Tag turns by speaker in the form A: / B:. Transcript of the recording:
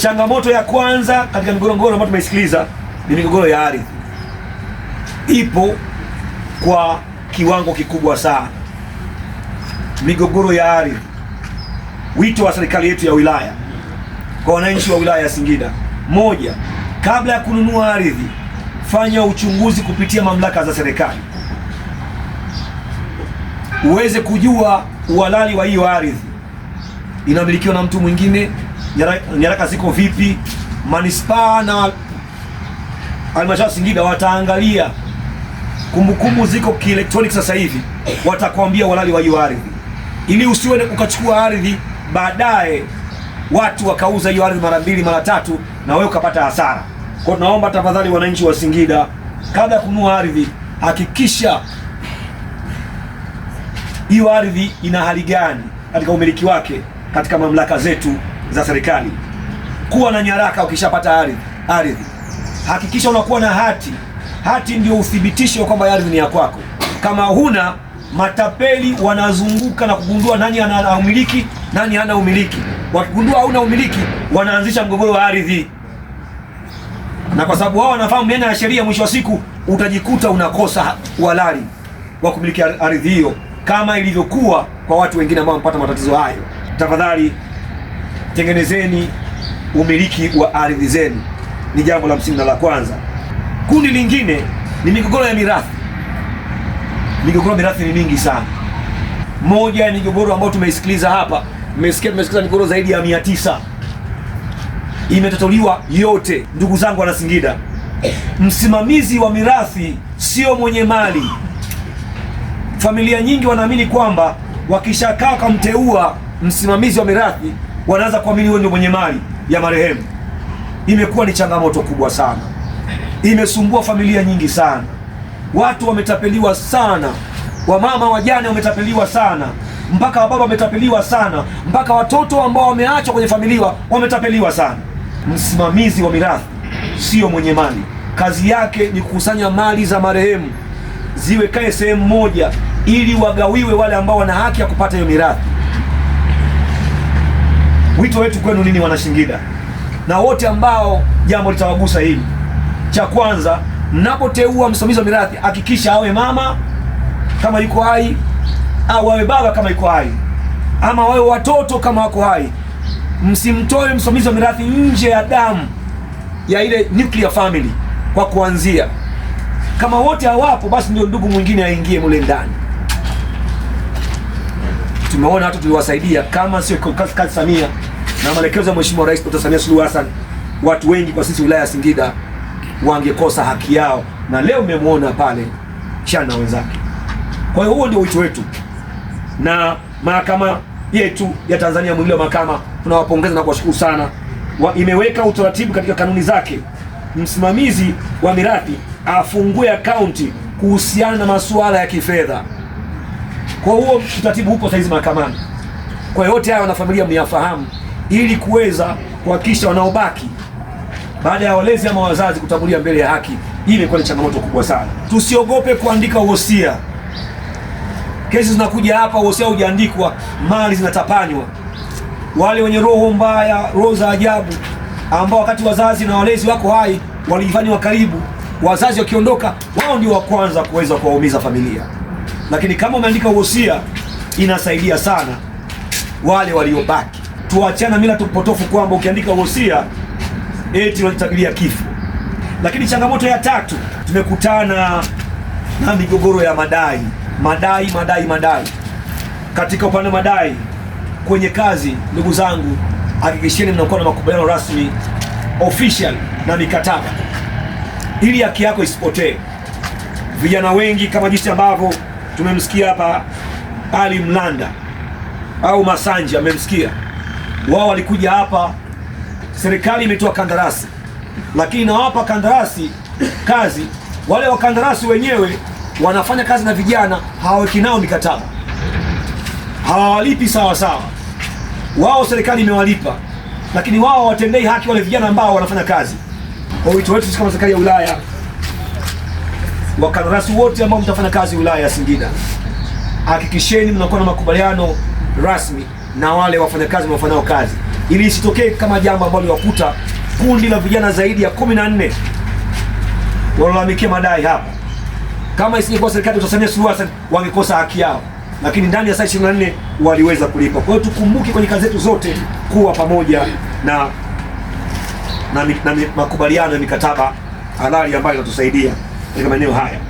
A: Changamoto ya kwanza katika migogoro ambayo tumeisikiliza ni migogoro ya ardhi, ipo kwa kiwango kikubwa sana, migogoro ya ardhi. Wito wa serikali yetu ya wilaya kwa wananchi wa wilaya ya Singida, moja, kabla ya kununua ardhi, fanya uchunguzi kupitia mamlaka za serikali uweze kujua uhalali wa hiyo ardhi, inamilikiwa na mtu mwingine nyaraka ziko vipi. Manispaa na halmashauri Singida wataangalia kumbukumbu ziko kielektroniki sasa hivi, watakwambia walali wa hiyo ardhi, ili usiwe ukachukua ardhi baadaye watu wakauza hiyo ardhi mara mbili mara tatu, na wewe ukapata hasara. Kwa tunaomba tafadhali, wananchi wa Singida, kabla ya kununua ardhi, hakikisha hiyo ardhi ina hali gani katika umiliki wake katika mamlaka zetu za serikali. Kuwa na nyaraka ukishapata ardhi ardhi, hakikisha unakuwa na hati. Hati ndio uthibitisho kwamba ardhi ni ya kwako. Kama huna matapeli wanazunguka na kugundua nani ana umiliki nani hana umiliki. Wakigundua hauna umiliki, wanaanzisha mgogoro wa ardhi, na kwa sababu wao wanafahamu mena ya sheria, mwisho wa siku utajikuta unakosa uhalali wa kumiliki ardhi hiyo, kama ilivyokuwa kwa watu wengine ambao wamepata matatizo hayo. Tafadhali tengenezeni umiliki wa ardhi zenu, ni jambo la msingi na la kwanza. Kundi lingine ni migogoro ya mirathi. Migogoro ya mirathi ni mingi sana. Moja ya migogoro ambayo tumeisikiliza hapa, mmesikia, tumesikiliza migogoro zaidi ya mia tisa imetatuliwa yote. Ndugu zangu wana Singida, msimamizi wa mirathi sio mwenye mali. Familia nyingi wanaamini kwamba wakishakaa kamteua msimamizi wa mirathi wanaanza kuamini wewe ndio mwenye mali ya marehemu. Imekuwa ni changamoto kubwa sana, imesumbua familia nyingi sana, watu wametapeliwa sana, wamama wajane wametapeliwa sana, mpaka wababa wametapeliwa sana, mpaka watoto ambao wameachwa kwenye familia wametapeliwa sana. Msimamizi wa mirathi sio mwenye mali, kazi yake ni kukusanya mali za marehemu ziwekae sehemu moja, ili wagawiwe wale ambao wana haki ya kupata hiyo mirathi. Wito wetu kwenu nini, Wanashingida na wote ambao jambo litawagusa hili? Cha kwanza, mnapoteua msimamizi wa mirathi hakikisha awe mama kama yuko hai, au awe baba kama yuko hai, ama wawe watoto kama wako hai. Msimtoe msimamizi wa mirathi nje ya damu ya ile nuclear family kwa kuanzia. Kama wote hawapo, basi ndio ndugu mwingine aingie mule ndani. Tumeona watu tuliwasaidia, kama sio kazi Samia na maelekezo ya Mheshimiwa Rais Dr. Samia Suluhu Hassan, watu wengi kwa sisi wilaya ya Singida wangekosa haki yao, na leo mmemwona pale chana wenzake. Kwa hiyo huo ndio wito wetu na mahakama yetu ya Tanzania, mwingilio wa mahakama, tunawapongeza na kuwashukuru sana wa, imeweka utaratibu katika kanuni zake, msimamizi wa mirathi afungue akaunti kuhusiana na masuala ya kifedha. Kwa huo utaratibu huko saizi mahakamani. Kwa yote haya, wanafamilia myafahamu ili kuweza kuhakikisha wanaobaki baada ya walezi ama wazazi kutangulia mbele ya haki. Hii imekuwa ni changamoto kubwa sana. Tusiogope kuandika uhosia. Kesi zinakuja hapa, uhosia hujaandikwa, mali zinatapanywa. Wale wenye roho mbaya, roho za ajabu, ambao wakati wazazi na walezi wako hai walijifanya karibu, wazazi wakiondoka, wao ndio wa kwanza kuweza kuwaumiza familia. Lakini kama umeandika uhosia, inasaidia sana wale waliobaki tuachana mila tupotofu kwamba ukiandika wosia eti unajitabiria kifo. Lakini changamoto ya tatu tumekutana na migogoro ya madai, madai, madai, madai. Katika upande wa madai kwenye kazi, ndugu zangu, hakikisheni mnakuwa na makubaliano rasmi official na mikataba ili haki yako isipotee. Vijana wengi kama jinsi ambavyo tumemsikia hapa Ali Mlanda au Masanja amemsikia wao walikuja hapa, serikali imetoa kandarasi, lakini nawapa kandarasi kazi, wale wakandarasi wenyewe wanafanya kazi na vijana, hawaweki nao mikataba, hawawalipi sawa sawa. Wao serikali imewalipa, lakini wao hawatendei haki wale vijana ambao wanafanya kazi. Kwa wito wetu kama serikali ya wilaya, wakandarasi wote ambao mtafanya kazi Ulaya ya Singida, hakikisheni mnakuwa na makubaliano rasmi na wale wafanyakazi wanaofanyao kazi, ili isitokee kama jambo ambalo liwakuta kundi la vijana zaidi ya kumi na nne madai hapa. Kama isingekuwa serikali ya Samia Suluhu Hassan wangekosa haki yao, lakini ndani ya saa 24 waliweza kulipa. Kwa hiyo tukumbuke kwenye kazi zetu zote kuwa pamoja na na, na, na makubaliano ya mikataba halali ambayo inatusaidia katika maeneo haya.